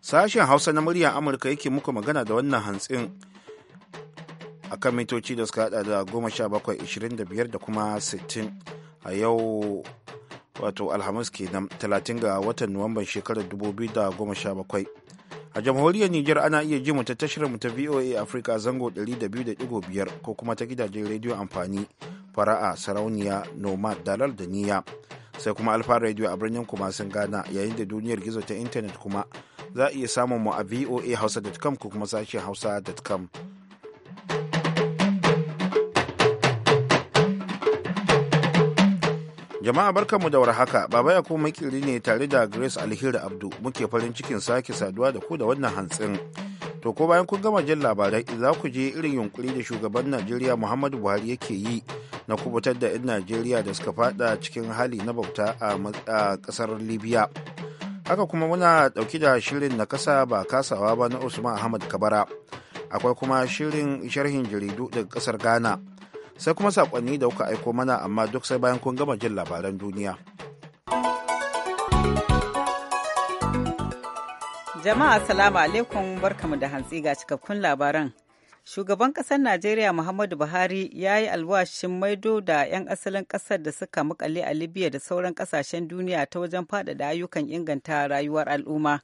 Sashen Hausa na muryar Amurka yake muku magana da wannan hantsin a kan mitoci da suka hada da goma sha bakwai ishirin da biyar da kuma sittin a yau wato alhamis kenan talatin ga watan nuwamban shekarar dubu biyu da goma sha bakwai. a jamhuriyar niger ana iya ji mu ta tashar mu ta voa africa zango 200.5 ko kuma ta gidajen rediyo amfani fara'a sarauniya nomad dalar da niya sai kuma alfa radio a birnin kuma sun gana yayin da duniyar gizo ta intanet kuma za a iya samun mu a voa hausa.com ko kuma sashen hausa.com Jama'a barkanmu da warhaka, Baba ya kuma makiri ne tare da Grace Alheri Abdu muke farin cikin sake saduwa da ku da wannan hantsin. To ko bayan kun gama jin labarai za ku je irin yunkuri da shugaban Najeriya Muhammadu Buhari yake yi na kubutar da 'yan Najeriya da suka fada cikin hali na bauta a kasar Libya. Haka kuma muna dauki da shirin na kasa ba kasawa ba na Usman Ahmad Kabara. Akwai kuma shirin sharhin jaridu daga kasar Ghana. sai kuma sakonni da kuka aiko mana amma duk sai bayan kun gama jin labaran duniya jama'a salamu alaikum barkamu da hantsi ga cikakkun labaran shugaban ƙasar najeriya muhammadu buhari ya yi alwashin maido da 'yan asalin ƙasar da suka makale a libya da sauran ƙasashen duniya ta wajen faɗaɗa ayyukan inganta rayuwar al'umma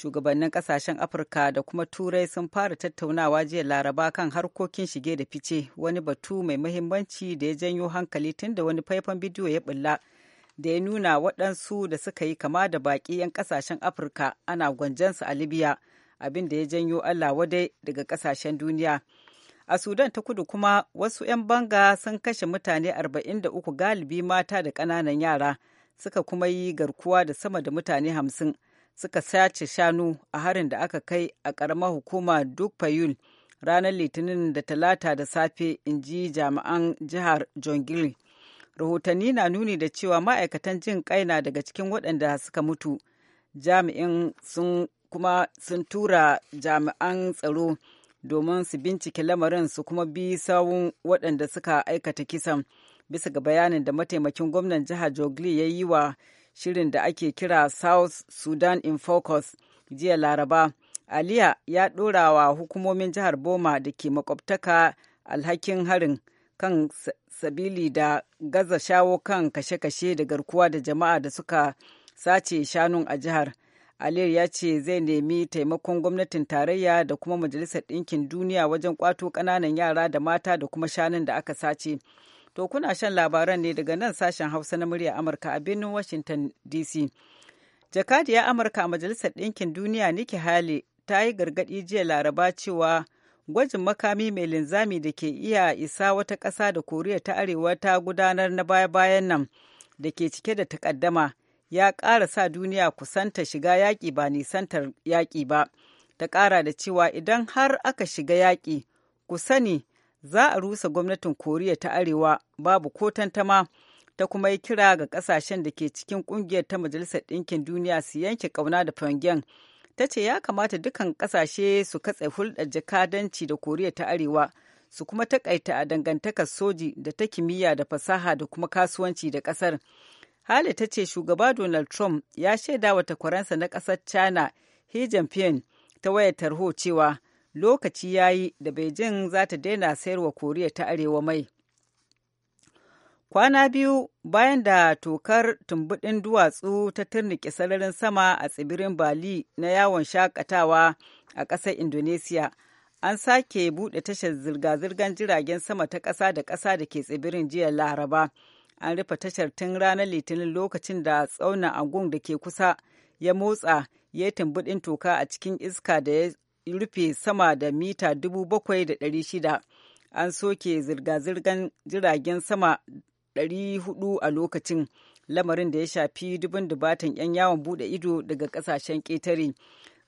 shugabannin kasashen afirka da kuma turai sun fara tattaunawa jiya laraba kan harkokin shige da fice wani batu mai mahimmanci da ya janyo hankali tun da wani faifan bidiyo ya bulla da ya nuna waɗansu da suka yi kama da baƙi 'yan kasashen afirka ana gwanjansu a libya abin da ya janyo allah wadai daga kasashen duniya a sudan ta kudu kuma wasu 'yan banga sun kashe mutane 43 galibi mata da ƙananan yara suka kuma yi garkuwa da sama da mutane hamsin suka sace shanu a harin da aka kai a ƙaramar hukuma duk fayul ranar litinin da talata da safe in ji jami'an jihar jongiri rahotanni na nuni da cewa ma'aikatan jin kai na daga cikin waɗanda suka mutu jami'in sun kuma sun tura jami'an tsaro domin su bincike lamarin su kuma bi sawun waɗanda suka aikata kisan bisa ga bayanin da mataimakin gwamnan jihar jogli ya yi wa shirin da ake kira South Sudan in Focus jiya Laraba. Aliya ya ɗora wa hukumomin jihar Boma da ke makwabtaka alhakin harin kan sabili da gaza shawo kan kashe-kashe da garkuwa da jama'a da suka sace shanun a jihar. Aliyu ya ce zai nemi taimakon gwamnatin tarayya da kuma Majalisar Ɗinkin Duniya wajen kwato ƙananan yara da mata da kuma shanun da aka sace. To kuna shan labaran ne daga nan sashen Hausa na murya Amurka a birnin Washington DC. Jakadiyar Amurka a Majalisar Ɗinkin Duniya niki Haley ta yi gargaɗi jiya Laraba cewa gwajin makami mai linzami da ke iya isa wata ƙasa da Koriya ta Arewa ta gudanar na baya-bayan nan da ke cike da takaddama ya ƙara sa duniya kusanta shiga yaƙi ba nisantar yaƙi ba. Ta ƙara da cewa idan har aka shiga yaƙi, ku sani za a rusa gwamnatin koriya ta arewa babu ko tantama ta kuma yi kira ga kasashen da ke cikin kungiyar ta majalisar ɗinkin duniya su yanke kauna da pyongyang ta ce ya kamata dukkan kasashe su katse hulɗar jakadanci da koriya ta arewa su kuma takaita a dangantakar soji da ta kimiyya da fasaha da kuma kasuwanci da ƙasar hali ta ce shugaba donald trump ya shaida wa takwaransa na kasar china xi ta wayar tarho cewa lokaci ya yi da beijing za ta daina sayarwa koriya ta arewa mai kwana biyu bayan da tokar tumbudin duwatsu ta turnike sararin sama a tsibirin bali na yawon shakatawa a ƙasar indonesiya an sake buɗe tashar zirga-zirgar jiragen sama ta ƙasa da ƙasa da ke tsibirin jiya laraba an rufe tashar tun ranar litinin lokacin da tsaunin agung da ke kusa ya motsa ya yi tumbudin toka a cikin iska da ya rufe sama da mita 7,600 an soke zirga-zirgar jiragen sama 400 a lokacin lamarin da ya shafi dubin dubatan 'yan yawon bude ido daga kasashen ƙetare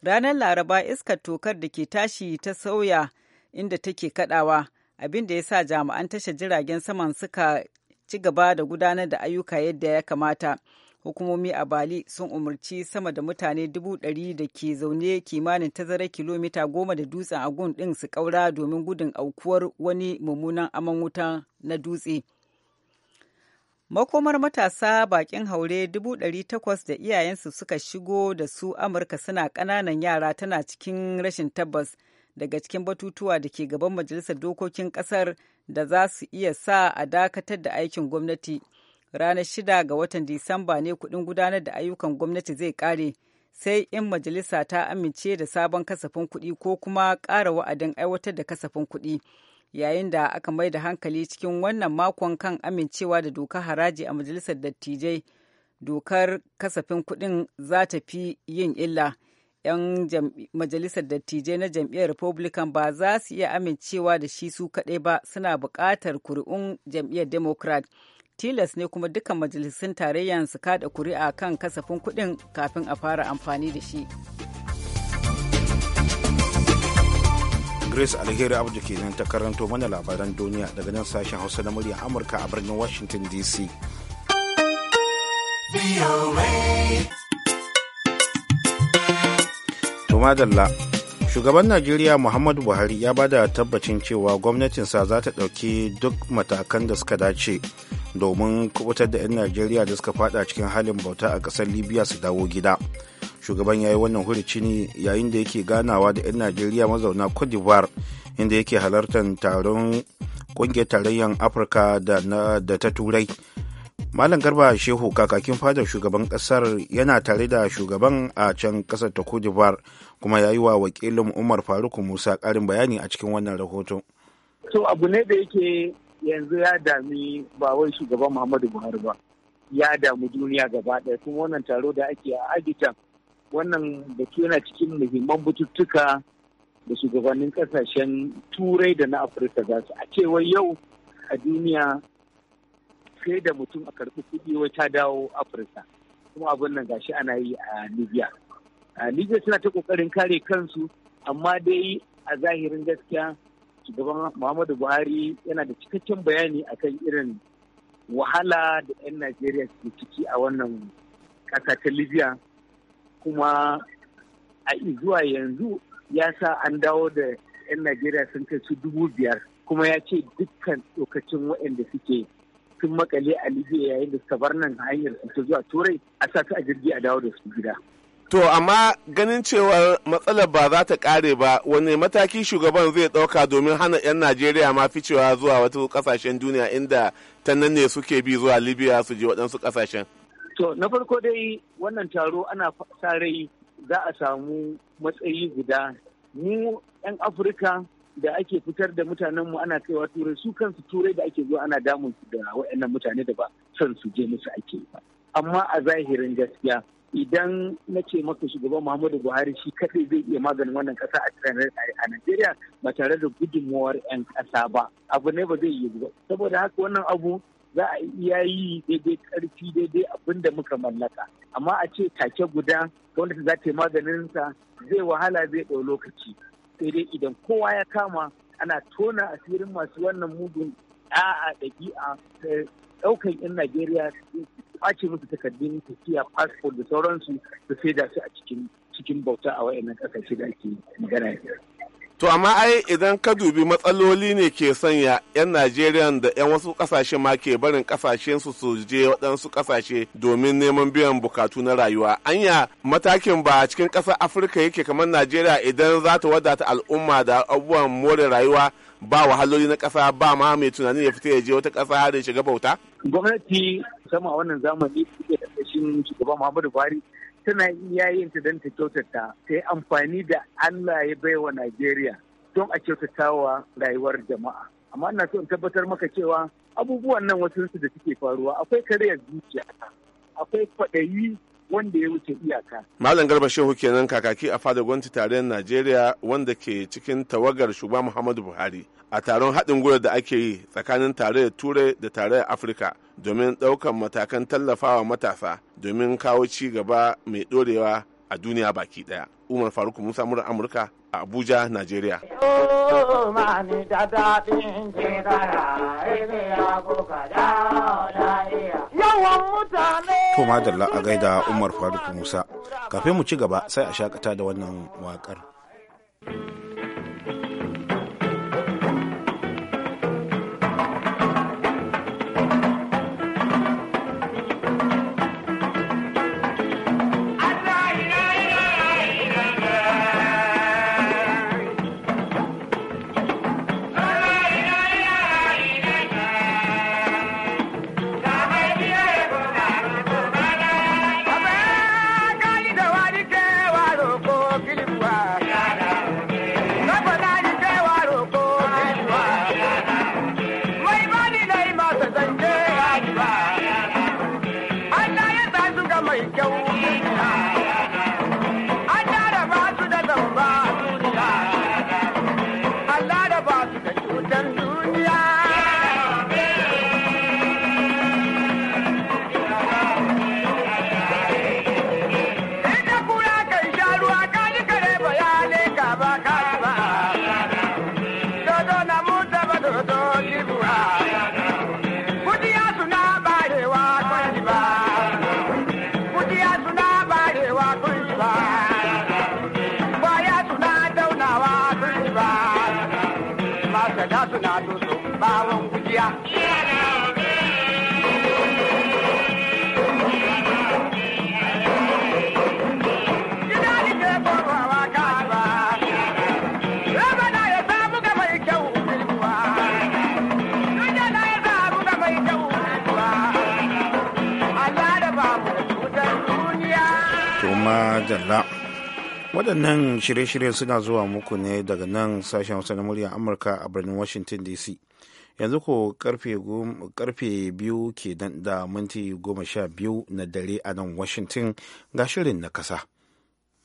ranar laraba iskar tokar da ke tashi ta sauya inda take kadawa abin da ya sa jami'an tashar jiragen saman suka ci gaba da gudanar da ayyuka yadda ya kamata hukumomi a bali sun umarci sama da mutane dubu ɗari da ke zaune kimanin tazarar kilomita goma da dutsen a gun ɗin su ƙaura domin gudun aukuwar wani mummunan aman wuta na dutse makomar matasa bakin haure dubu ɗari takwas da iyayensu suka shigo da su amurka suna ƙananan yara tana cikin rashin tabbas daga cikin batutuwa da ke gaban majalisar dokokin ƙasar da za su iya sa a dakatar da aikin gwamnati. ranar shida ga watan Disamba ne kuɗin gudanar da ayyukan gwamnati zai ƙare sai in majalisa ta amince da sabon kasafin kuɗi ko kuma ƙara wa'adin aiwatar da kasafin kuɗi yayin da aka mai da hankali cikin wannan makon kan amincewa da dokar haraji a majalisar dattijai dokar kasafin kuɗin za ta fi yin illa. 'yan majalisar dattijai na jam'iyyar republican ba za su iya amincewa da shi su kaɗai ba suna buƙatar kuri'un jam'iyyar democrat tilas ne kuma dukkan majalisun tarayyar su kada kuri'a kan kasafin kudin kafin a fara amfani da shi. Grace Alheri Abdu kenan ta karanto mana labaran duniya daga nan sashen Hausa na murya Amurka a birnin Washington DC. Tumadalla shugaban najeriya muhammadu buhari ya bada tabbacin cewa gwamnatinsa za ta ɗauki duk matakan da suka dace domin kubutar da 'yan najeriya da suka fada cikin halin bauta a ƙasar libya su dawo gida shugaban ya yi wannan hurici ne yayin da yake ganawa da 'yan najeriya mazauna cote d'ivoire inda yake halartar taron ƙungiyar tarayyan afirka da ta turai malam garba shehu kakakin fadar shugaban kasar yana tare da shugaban a can kasar ta d'Ivoire kuma ya yi wa wakilin umar faruk musa karin bayani a cikin wannan rahoto to abu ne da yake yanzu ya dami ba wai shugaban muhammadu buhari ba ya damu duniya gaba ɗaya kuma wannan taro da ake a agita wannan da ke yana cikin muhimman bututtuka da shugabannin kasashen turai da na afirka za su a cewa yau a duniya sai da mutum a karɓi kuɗi wai ta dawo afirka kuma abin nan gashi ana yi a libya a libya suna ta ƙoƙarin kare kansu amma dai a zahirin gaskiya shugaban muhammadu buhari yana da cikakken bayani akan irin wahala da 'yan najeriya suke ciki a wannan ƙasa ta libya kuma a zuwa yanzu ya sa an dawo da 'yan najeriya sun kai su dubu biyar kuma ya ce dukkan lokacin waɗanda suke sun makale a libya yayin da suka bar nan hanyar su ta zuwa turai a sa su a jirgi a dawo da su gida To amma ganin cewar matsalar ba za ta kare ba wani mataki shugaban zai ɗauka domin hana 'yan Najeriya ma ficewa zuwa wata kasashen duniya inda ta nan ne suke bi zuwa Libya su je waɗansu kasashen. To na farko dai wannan taro ana sa rai za a samu matsayi guda mu 'yan Afirka da ake fitar da mutanen mu ana kaiwa turai su kansu turai da ake zuwa ana damun da waɗannan mutane da ba son su je musu ake ba amma a zahirin gaskiya idan na ce maka shugaban muhammadu buhari shi kadai zai iya maganin wannan kasa a najeriya ba tare da gudunmuwar 'yan kasa ba abu ne ba zai yi ba saboda haka wannan abu za a iya yi daidai karfi daidai abin da muka mallaka amma a ce take guda wanda za ta yi maganinsa zai wahala zai ɗau lokaci sai dai idan kowa ya kama ana tona asirin masu wannan mugun a'a ɗabi'a ta ɗaukan 'yan Najeriya su ɓace musu takardun tafiya fasfo da sauransu su sai da su a cikin bauta a wayannan ƙasashe da ake magana To amma ai idan ka dubi matsaloli ne ke sanya 'yan Najeriya da 'yan wasu kasashe ma ke barin kasashen su su je waɗansu kasashe domin neman biyan bukatu na rayuwa. Anya matakin ba a cikin ƙasar Afirka yake kamar Najeriya idan za ta wadata al'umma da abubuwan more rayuwa ba wahaloli na ƙasa ba ma mai tunanin ya fita ya je wata ƙasa har ya shiga bauta? Gwamnati sama wannan zamani da shugaban Muhammadu Buhari tana iya yin ta don ta kyautata ta yi amfani da Allah ya baiwa Najeriya don a kyautata wa rayuwar jama'a. Amma ina so in tabbatar maka cewa abubuwan nan wasu da suke faruwa akwai karyar zuciya, akwai kwaɗayi wanda ya wuce iyaka. Malam Garba Shehu kenan kakaki a fadar gwamnati tarayyar Najeriya wanda ke cikin tawagar shugaba Muhammadu Buhari a taron haɗin gwiwa da ake yi tsakanin tarayyar Turai da tarayyar Afirka domin ɗaukar matakan tallafawa matasa domin kawo ci gaba mai ɗorewa a duniya baki ɗaya. Umar Faruk Musa Mura Amurka a Abuja, Najeriya. Oh, da daɗin To madalla a gaida Umar Faruk Musa. Kafin mu ci gaba sai a shakata da wannan waƙar. jalla waɗannan shirye shiryen suna zuwa muku ne daga nan sashen wasu na muryar amurka a birnin washington dc yanzu ko karfe biyu ke da minti goma sha biyu na dare a nan washington ga shirin na kasa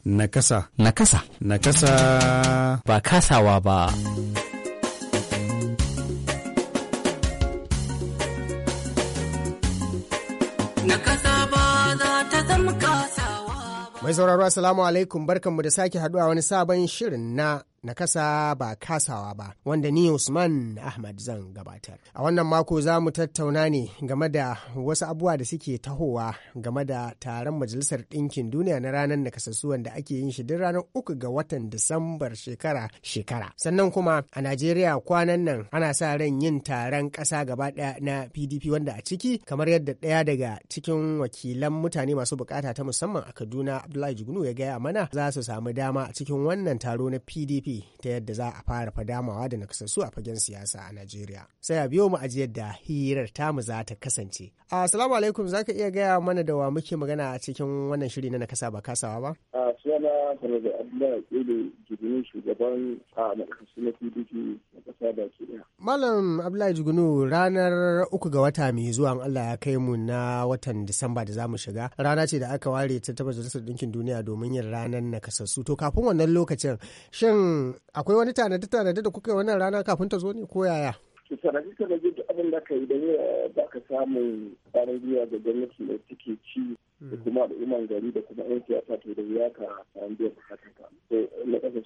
Nakasa. Nakasa. Nakasa. Ba kasawa ba. kasa. Mai sauraro Assalamu alaikum barkanmu da sake haduwa wani sabon shirin na nakasa ba kasawa ba wanda ni Usman Ahmad zan gabatar. A wannan mako za mu tattauna ne game da wasu abubuwa da suke tahowa game da taron Majalisar Ɗinkin Duniya na ranar nakasassu wanda ake yin shi duk ranar uku ga watan Disambar shekara-shekara. Sannan kuma a Najeriya kwanan nan ana sa ran yin taron ƙasa gaba ɗaya na PDP wanda a ciki kamar yadda ɗaya daga cikin wakilan mutane masu bukata ta musamman a Kaduna Abdullahi Jigunu ya gaya mana za su samu dama a cikin wannan taro na PDP ta yadda za a fara fadamawa da nakasassu a fagen siyasa a Najeriya. Sai a biyo mu aji yadda hirar tamu za ta kasance. Assalamu alaikum za ka iya gaya mana da wa muke magana a cikin wannan shiri na nakasa ba kasawa ba? Sunana da Abdullahi jirgin shugaban a nakasassu na PDP ƙasa da ke Malam Abdullahi Jugunu ranar uku ga wata mai zuwa Allah ya kai mu na watan Disamba da zamu shiga rana ce da aka ware ta tabbas da ɗinkin duniya domin yin ranar nakasassu to kafin wannan lokacin shin akwai wani tanade tanade da kuka yi wannan rana kafin ta zo ne ko yaya? Ki tanade da abin da ka yi da ba ka samu ƙwarin gwiwa da gwamnati da take ci Mm. da kuma al'umman gari da kuma yan siyasa to da wuya ka samu biyan ka to na ƙasa su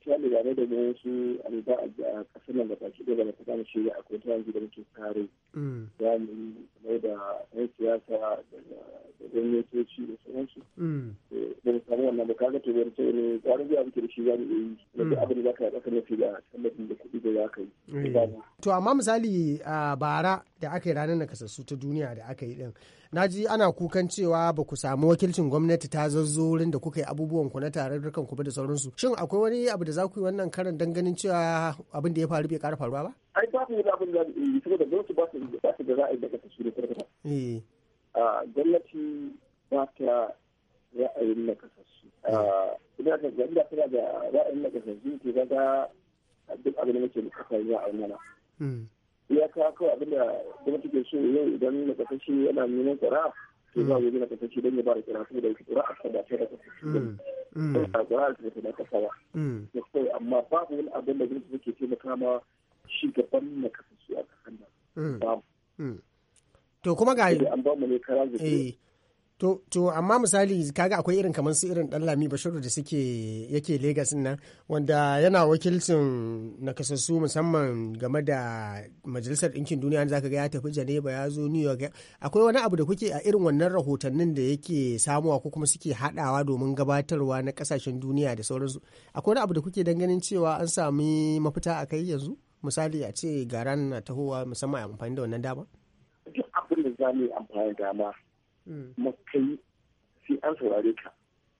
ciyali eh, gane da mu su alba a kasar nan da baki da na kasa shi akwai ta yanzu da muke kare mm. za mu yi mai da yan siyasa da gwamnatoci da sauransu da mm. mu samu wannan bukatun to yanzu ce ne tsarin biya muke da shi za mu yi na duk abin da za ka yi na fi da tallafin da kuɗi da za ka yi. Eh. to amma misali bara da aka yi ranar nakasassu ta duniya da aka yi din na ji ana kukan cewa ba ku samu wakilcin gwamnati ta zazzo wurin da kuka yi abubuwan ku na tarurrukan ku da sauransu shin akwai wani abu da za ku yi wannan karan dan ganin cewa abin da ya faru bai ƙara faruwa ba ai ba yi da abin da yi saboda gwamnati ba su ba su da za eh. a yi daga su da tarkata eh gwamnati ba ta ra'ayin na idan ka ga inda tana da ra'ayin na kasassu ke ga duk abin da muke bukata ya a mana ya kawo kawai abin da kuma take so yau idan na yana nuna ƙura'a to za a yi na don ya ba da ƙura'a saboda ya ƙura'a ta da ta da mm, mm. a da ta kasa ba mm. amma babu wani abin da gwamnati take taimaka ma shi gaban na kasashe a kasan nan. To kuma ga. An ne kara eh. To, to amma misali kaga akwai irin kamar su irin dan Lami Bashiru da suke yake Legas nan wanda yana wakilcin nakasassu musamman game da Majalisar Ɗinkin Duniya zaka ga ya tafi Geneva ya zo New York akwai wani abu da kuke a irin wannan rahotannin da yake samuwa ko kuma suke hadawa domin gabatarwa na kasashen duniya da sauransu akwai wani abu da kuke danganin cewa an sami mafita a kai yanzu misali a ce garan na tahowa musamman amfani da wannan dama duk abin da za mu amfani dama kuma mm. kai sai an saurare ka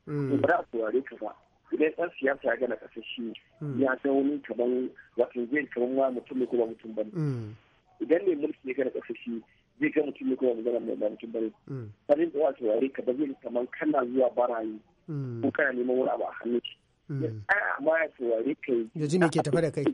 mm. ba a saurare ka ba idan ɗan siyasa ya gana ƙasashe mm. ya ga wani kaman wato zai kaman wa mutum ne kuma mutum bane idan ne mulki ya gana ƙasashe zai ga mutum ne kuma mutum ba mutum bane sanin da wa saurare ka ba zai kaman kana zuwa barayi ko kana neman wani abu a hannun shi amma ya saurare ka ya ji ke tafa da kai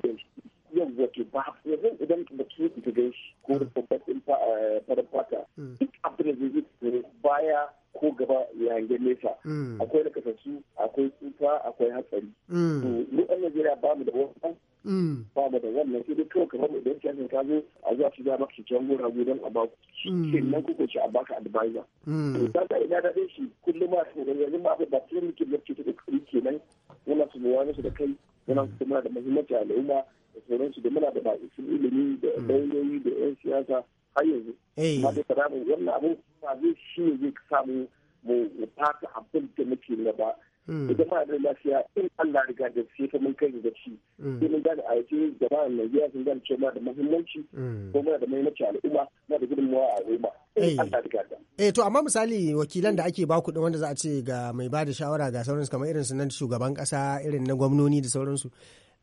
yau wato ba yanzu idan mutum yi gan shi ko da babban eh, farin fata hmm. duk abin da zai zai baya ko gaba ya hangen nesa hmm. akwai da kasashe akwai tsufa akwai hatsari hmm. to mu ɗan najeriya ba mu da wannan ba mu da wannan sai dai kawai kamar idan kyanin ka zo a zuwa su zama su can gora gudan a ku shi nan kuka ci a baka advisor to ta ga ina da shi kullum ma su yanzu ma ba da ta yi mutum ya ce ta da kuɗi kenan yana su da kai muna mm. kuma da muhimmanci al'umma da sauransu da muna da ba'isun ilimi da mm. lauyoyi da 'yan siyasa har yanzu. Eh. Amma da karamin wannan abin ba zai shi ne zai samu mu fata abin da muke na ba hmm. idan ma da lafiya in Allah riga da sai ta mun kai da shi sai mun hmm. gane a yake jama'an Najeriya sun gane cewa da muhimmanci hmm. ko ma da muhimmanci al'umma na da gudunmawa a al'umma eh, eh to amma misali wakilan da ake baku din wanda za a ce ga mai bada shawara ga sauransu kamar irin su shugaban kasa irin na gwamnoni da sauransu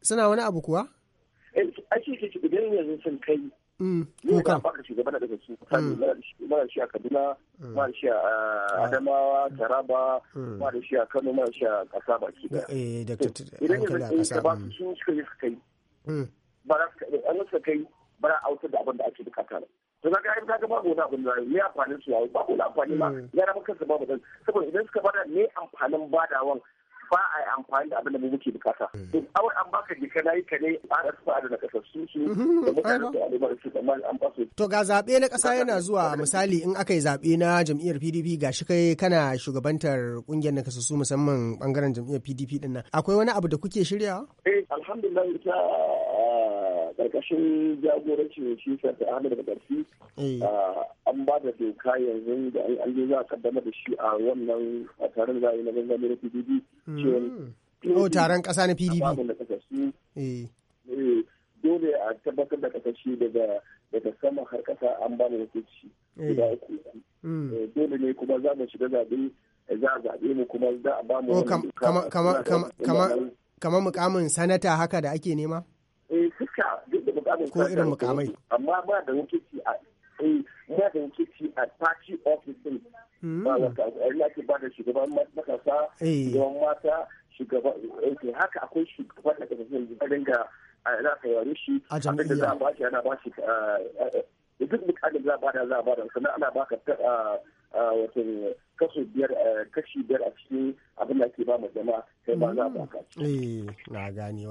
suna wani abu kuwa eh a idan yanzu sun kai ne kukan da shugaba na daga cikin mm. mara shi a kaduna mm. mara shi a ah. adamawa taraba mm. mara shi a kano mara shi a kasa baki da eh, eh, idan yanzu sun ba su sun suka yi suka yi ba za su kai ba za a autar da abin da ake bukata ba to na ga ka ga babu wani abin da me amfanin su yawo babu wani amfani ma ya na maka su babu dan saboda idan suka bada me amfanin badawan ba a yi amfani da abin da mu muke bukata. Duk mm. an baka jika na yi ka ne a da su da na kasassu su mm-hmm. da mutane da alimar su amma an ba To ga zaɓe na ƙasa yana zuwa misali in aka yi zaɓe na jam'iyyar PDP ga shi kai kana shugabantar ƙungiyar na su musamman ɓangaren jam'iyyar PDP ɗin Akwai wani abu da kuke shiryawa? Eh alhamdulillah ah, karkashin jagorancin shi shafi ahmed bakarfi eh. an ba da doka yanzu da an an za a kaddama da shi a wannan taron da na gangami na pdp hmm. cewa oh, taron kasa na pdp eh. eh, dole a tabbatar da kasashe daga daga sama har kasa an ba da rikici guda uku hmm. dole ne kuma za mu shiga zaɓe za a zaɓe mu kuma za a ba mu oh, kama Kama mukamin sanata haka da ake nema? eh ko irin mukamai amma ba da wakilci a eh, ba da wakilci a party office din hmm. ba wata eh, ake ba da shugaban matasa eh. shugaban mata shugaban haka akwai shugaban da kasance da dinga za ka yare shi a jam'iyya za a ba shi ana ba shi duk za a ba da za a ba da sannan ana ba ka wato kashi biyar a cikin abin da ke ba mu jama'a a hmm. Eh na gane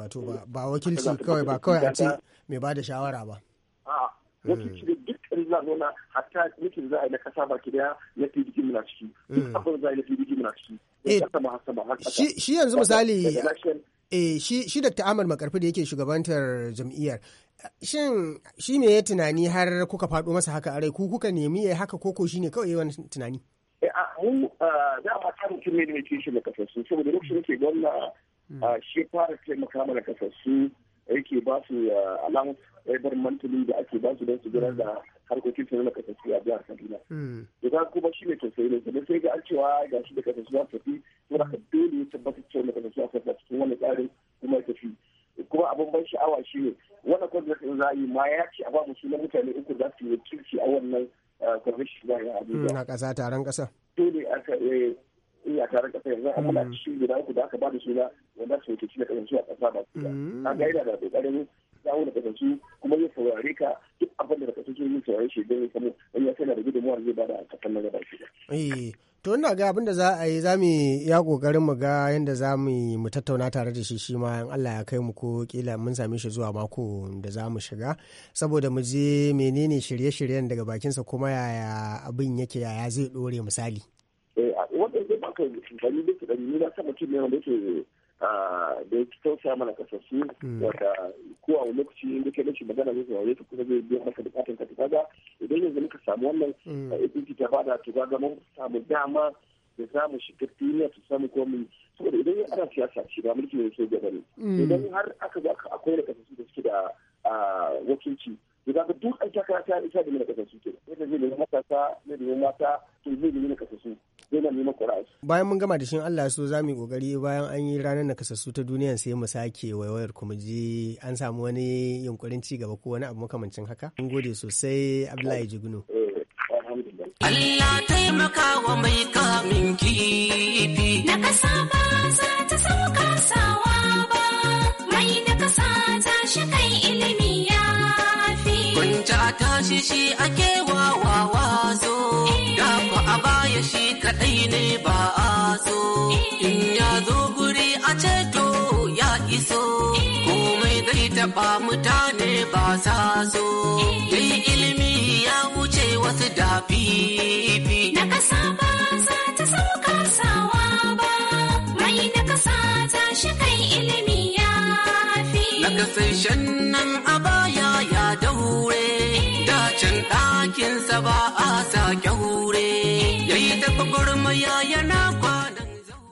ba wakilci kawai ba kawai a ce mai ba da shawara ba. ya ci da dukkan zanona hatta mitin za a yi na kasa baki daya na pdp muna ciki duk hmm. abin za a yi na pdp muna ciki eh, shi yanzu misali eh shi shi Dr. Ahmad Makarfi da yake shugabantar jam'iyyar shin shi me ya tunani har kuka faɗo masa haka a rai ku kuka nemi ya haka koko ne kawai yawan tunani eh a mu da ma ta mutum ne da yake shi da kasassu saboda lokacin da ke gwamna hmm. shi fara taimaka mana kasassu yake ba su alam ɗaiɗar mantuli da ake ba su don su gudanar da harkokin su na kasashe a jihar Kaduna. Da hmm. za kuma shi ne tausayi ne, sai sai ga an cewa ga shi da kasashe a tafi, to da dole ya tabbatar cewa na kasashe za su cikin wani tsarin kuma ya tafi. Kuma abin ban sha'awa shi ne, wannan kwanzar in za yi ma ya ce a ba mu sunan mutane uku za su yi wakilci a wannan kwamishin shi ba ya Abuja. Na hmm, kasa taron kasa Dole aka eh, iya a kasa yanzu an kuma cikin mm. guda uku da aka ba da suna wanda su yake da kasance a kasa ba a mm. ga yana da kokarin dawo da kasance kuma ya saurari ka duk abin da kasance yin saurare shi don ya samu wani ya sanar da gudunmuwar zai ba da kasan na gaba shi ba. Eh, to ina ga abin da za a yi za mu ya kokarin mu ga yadda za mu mu tattauna tare da shi shi ma in Allah ya kai mu ko kila mun same shi zuwa mako da za mu shiga saboda mu je menene shirye-shiryen daga bakinsa kuma yaya abin yake yaya zai dore misali mutum ne wanda yake da ya tausaya mana kasashe wanda ko a lokaci inda ke nace magana zai saurare ta kuma zai biya maka bukatun ka kaga idan yanzu muka samu wannan mm. APC ta fada to mun samu dama da samu shiga duniya su samu komai saboda idan ana siyasa shi ba mulki ne sai gaba ne mm. idan har aka ga akwai da kasashe da suke da wakilci daga duk an takara ta isa da mai kasa su ke sai da zai nemi matasa zai nemi mata to zai nemi na kasa zai na nemi bayan mun gama da shin Allah so za mu yi kokari bayan an yi ranar na kasa ta duniya sai mu sake waiwayar kuma ji an samu wani yunkurin ci gaba ko wani abu makamancin haka mun gode sosai Abdullahi Jigunu eh, Allah taimaka wa mai kamin kifi na kasa tashi shi ake wawa so da ku a shi kaɗai ne ba a zo in ya zo guri a ceto ya iso komai zai taɓa mutane ba sa so dai ilimi ya wuce wasu da fifi na kasa ba za ta saukar sawa ba mai na kasa ta shi kai ilimi ya fi na kasashen nan a can sa ba a sake hure ya yi ta ya yana kwanan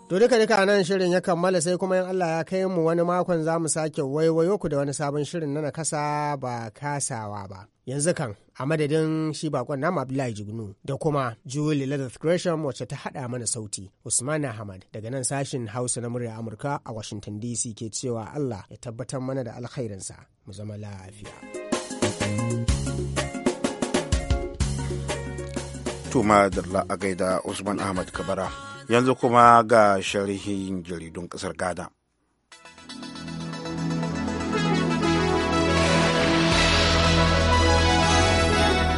To duka duka nan shirin ya kammala sai kuma yin Allah ya kai mu wani makon za mu sake waiwayo ku da wani sabon shirin na nakasa ba kasawa ba. Yanzu kan a madadin shi bakon nam Abdullahi Jignu da kuma Julie Ladith Gresham wacce ta hada mana sauti Usman Ahmad daga nan sashin Hausa na murya Amurka a Washington DC ke cewa Allah ya tabbatar mana da alkhairinsa mu zama lafiya. Tuma Darla a gaida Usman Ahmad Kabara. Yanzu kuma ga sharhin jaridun ƙasar Ghana.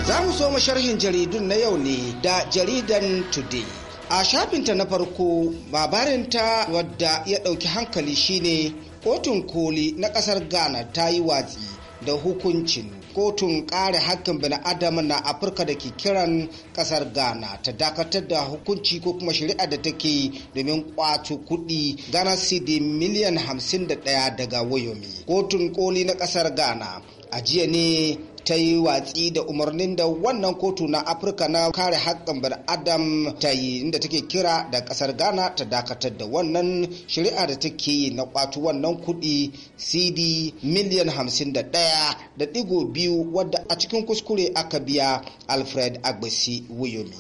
Za mu so sharhin jaridun na yau ne da jaridan Today. A shafinta na farko labarinta wadda ya ɗauki hankali shine kotun koli na ƙasar Ghana ta yi watsi da hukuncin kotun kare hakkin adam na afirka da ke kiran kasar ghana ta dakatar da hukunci ko kuma shari'a da take domin kwato kudi ghana cedi miliyan 51 daga wayomi kotun koli na kasar ghana a jiya ne ta yi watsi da umarnin da wannan kotu na afirka na kare haƙƙin adam. ta yi inda take kira da ƙasar ghana ta dakatar da wannan shari'a da take yi na ƙwato wannan kuɗi cd miliyan hamsin da ɗaya da ɗigo biyu wadda a cikin kuskure aka biya alfred agbesi wuyomi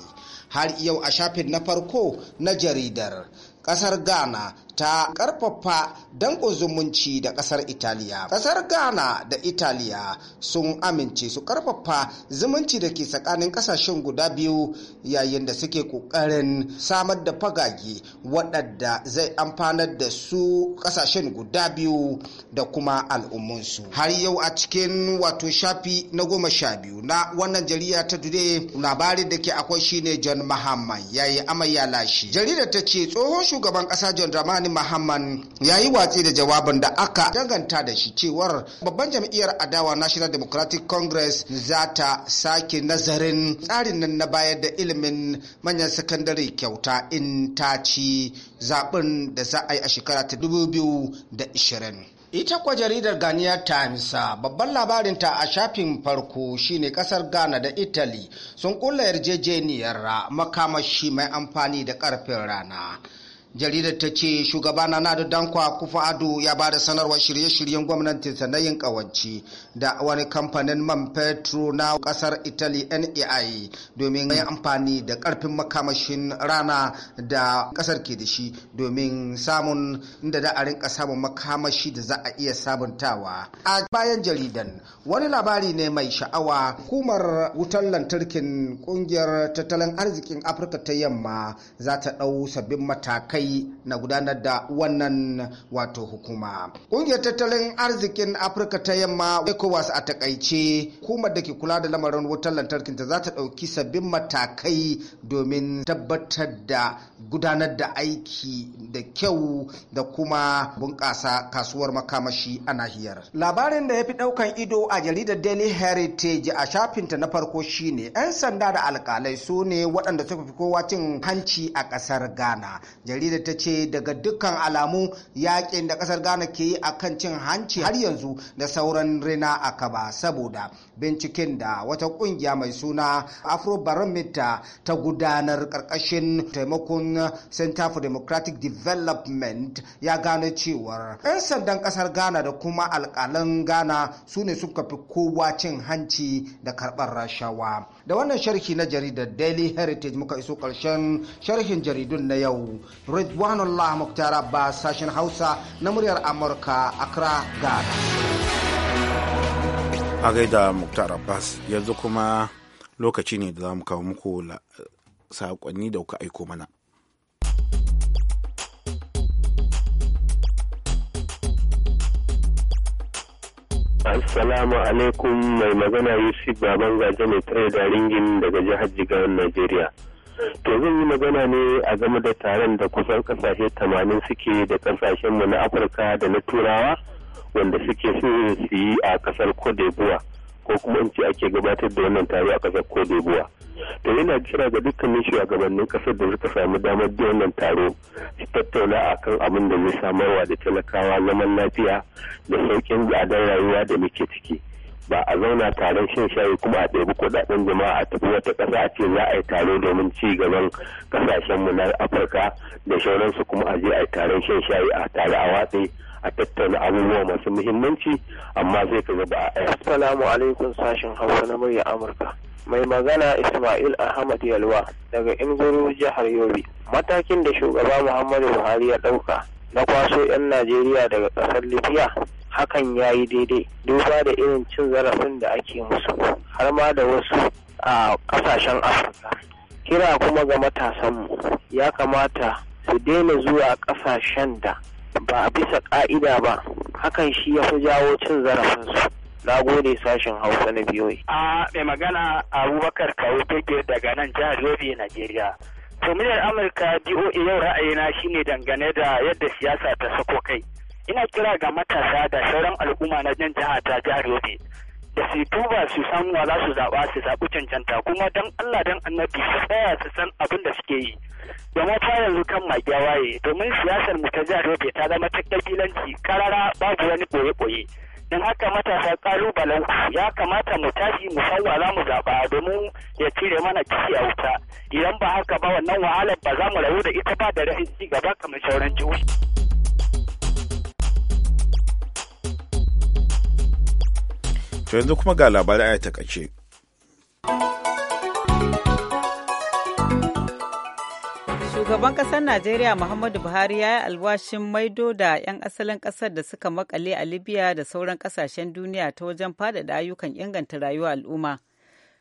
har yau a shafin na farko na jaridar kasar ghana ta karfafa danko zumunci da kasar italiya kasar ghana da italiya sun amince su karfafa zumunci da ke tsakanin kasashen guda biyu yayin da suke kokarin samar da fagage waɗanda zai amfanar da su kasashen guda biyu da kuma al'ummunsu har yau a cikin wato shafi na goma sha biyu na wannan jarida ta today labarin da ke akwai shine john mahamman yayi amarya lashi lashe jaridar ta ce tsohon shugaban ƙasa John Dramani Mahamman ya yi watsi da jawabin da aka danganta da shi cewar babban jam'iyyar adawa National Democratic Congress za ta sake nazarin tsarin nan na bayar da ilimin manyan sakandare kyauta in ta ci zaben da za a yi a shekara ta 2020. Ita kwa jaridar Ghanaian Times babban labarinta a shafin farko shine kasar Ghana da Italy sun kulla yarjejeniyar makamashi mai amfani da karfin rana. jaridar ta ce shugaba na da dankwa kufa ado ya ba da sanarwar shirye-shiryen gwamnatinsa na yin kawanci da wani kamfanin man petro na kasar italy NAI, domin yi amfani da karfin makamashin rana da kasar ke da shi domin samun inda da a rinka samun makamashi da za a iya sabuntawa a bayan jaridan wani labari ne mai sha'awa hukumar wutar lantarkin kungiyar tattalin arzikin afirka ta yamma za ta ɗau sabbin matakai yi na gudanar da wannan wato hukuma ƙungiyar tattalin arzikin afirka ta yamma ecowas a takaice Kuma da ke kula da lamarin wutar lantarkin ta za ta ɗauki sabbin matakai domin tabbatar da gudanar da aiki da kyau da kuma bunƙasa kasuwar makamashi a nahiyar labarin da ya fi ɗaukan ido a jaridar daily heritage a shafinta na farko shine 'yan sanda da alƙalai su ne waɗanda suka fi kowa cin hanci a ƙasar ghana jaridar da ta ce daga dukkan alamu yakin da kasar ghana ke yi a kan cin hanci har yanzu da sauran rina a kaba saboda binciken da wata kungiya mai suna afrobarometer ta gudanar karkashin taimakon center for democratic development ya gano cewar 'yan sandan kasar ghana da kuma alkalan ghana su ne suka fi kowa cin hanci da karbar rashawa da wannan sharhi na jaridar daily heritage muka iso karshen sharhin jaridun na yau ridwanullah muktar abbas sashen hausa na muryar amurka accra ghana a gaida muktar abbas yanzu kuma lokaci ne da za mu kawo muku saƙonni da kuka aiko mana Assalamu alaikum mai magana Yusuf Baban Gaje mai tare da ringin daga jihar Jigawan Najeriya. To zan yi magana ne a game da taron da kusan kasashe tamanin suke da mu na Afirka da na Turawa wanda suke so su yi a kasar Cote d'Ivoire ko kuma in ce ake gabatar da wannan taro a kasar Cote d'Ivoire. da yana kira ga dukkanin shugabannin kasar da suka samu damar da wannan taro su tattauna a kan abin da zai samarwa da talakawa zaman lafiya da sauƙin gadon rayuwa da muke ciki ba a zauna taron shan shayi kuma a ɗebi kuɗaɗen jama'a a tafi wata ƙasa a ce za a yi taro domin ci gaban ƙasashenmu na afirka da sauransu kuma a je a yi taron shan shayi a tare a watsi a tattauna abubuwa masu muhimmanci amma sai ka ba a assalamu alaikum sashen hausa na murya amurka mai magana Ismail Ahmad Yalwa daga Inguru jihar Yobe. Matakin da shugaba Muhammadu Buhari ya ɗauka na kwaso 'yan Najeriya daga ƙasar Libya hakan ya yi daidai duba da irin cin zarafin da ake musu har ma da wasu a ƙasashen Afirka. Kira kuma ga matasanmu ya kamata su daina zuwa ƙasashen da ba a bisa ƙa'ida ba hakan shi ya fi jawo cin zarafinsu. Na gode sashen Hausa na biyoyi. A mai magana Abubakar Kawo Fege daga nan jihar Yobe, Najeriya. To Amurka DOA yau ra'ayina shine dangane da yadda siyasa ta sako kai. Ina kira ga matasa da sauran al'umma na jan jiha ta jihar Yobe. Da su duba su san wa za su zaɓa su zaɓi cancanta kuma dan Allah dan annabi su tsaya su san abin da suke yi. da ta yanzu kan magiya waye domin siyasar mu ta jihar Yobe ta zama ta ƙabilanci karara babu wani ɓoye-ɓoye. don haka matasa kalubalen ya kamata mu tashi mu san za mu zaɓa domin ya cire mana kishi a wuta idan ba haka ba wannan wahalar ba za mu rayu da ita ba da rashin ci gaba kamar sauran jihohi. To yanzu kuma ga labarai a takaice. Shugaban ƙasar Najeriya Muhammadu Buhari ya yi alwashin maido da 'yan asalin ƙasar da suka makale a Libya da sauran ƙasashen duniya ta wajen faɗaɗa ayyukan inganta rayuwa al'umma.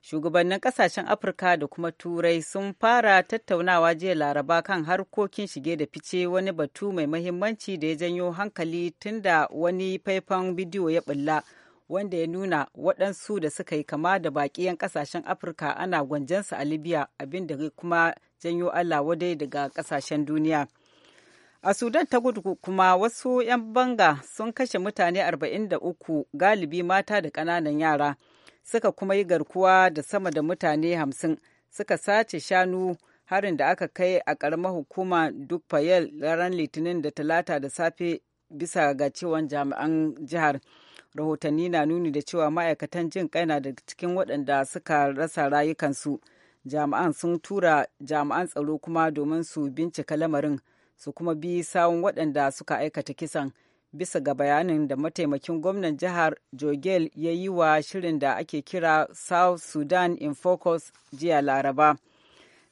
Shugabannin ƙasashen Afirka da kuma Turai sun fara tattaunawa jiya Laraba kan harkokin shige da fice wani batu mai mahimmanci da ya janyo hankali tun da wani faifan bidiyo ya ɓulla wanda ya nuna waɗansu da suka yi kama da baƙi 'yan ƙasashen Afirka ana gwanjansu a Libya abinda kuma janyo Allah wadai daga kasashen duniya. A Sudan ta gudu kuma wasu 'yan banga sun kashe mutane 43 galibi mata da ƙananan yara suka kuma yi garkuwa da sama da mutane 50 suka sace shanu harin da aka kai a ƙaramar hukuma duk fayel ran litinin da talata da safe bisa ga cewan jami'an jihar. rahotanni na nuni da cewa ma'aikatan jin kai na da cikin waɗanda suka rasa rayukansu jami'an sun tura jami'an tsaro kuma domin su bincika lamarin su kuma bi sawun waɗanda suka aikata kisan bisa ga bayanin da mataimakin gwamnan jihar jogel ya yi wa shirin da ake kira south sudan in focus jiya laraba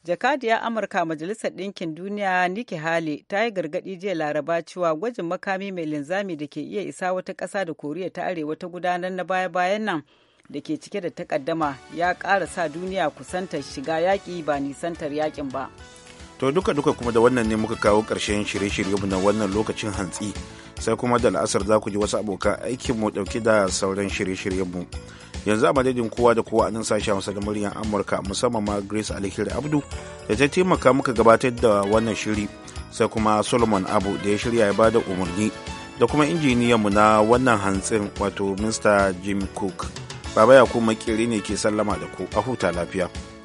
jakadiyar amurka majalisar ɗinkin duniya niki hali ta yi gargaɗi jiya laraba cewa gwajin makami mai linzami da ke iya isa wata ƙasa da koriya ta arewa ta gudanar na baya-bayan nan da ke cike da takaddama ya ƙara sa duniya kusantar shiga yaƙi ba nisantar yaƙin ba. To duka-duka kuma da wannan ne muka kawo ƙarshen shirye-shiryenmu na wannan lokacin hantsi sai kuma da la'asar za ku ji wasu abokan aikin mu ɗauki da sauran shirye mu Yanzu a madadin kowa da kowa a nan sashen masa da muryar Amurka musamman ma Grace Alhiri Abdu da ta taimaka muka gabatar da wannan shiri sai kuma Solomon Abu da ya shirya ya bada umarni da kuma injiniyanmu na wannan hantsin wato Mr. Jim Cook. Baba Yakubu Makiri ne ke sallama da ku a huta lafiya.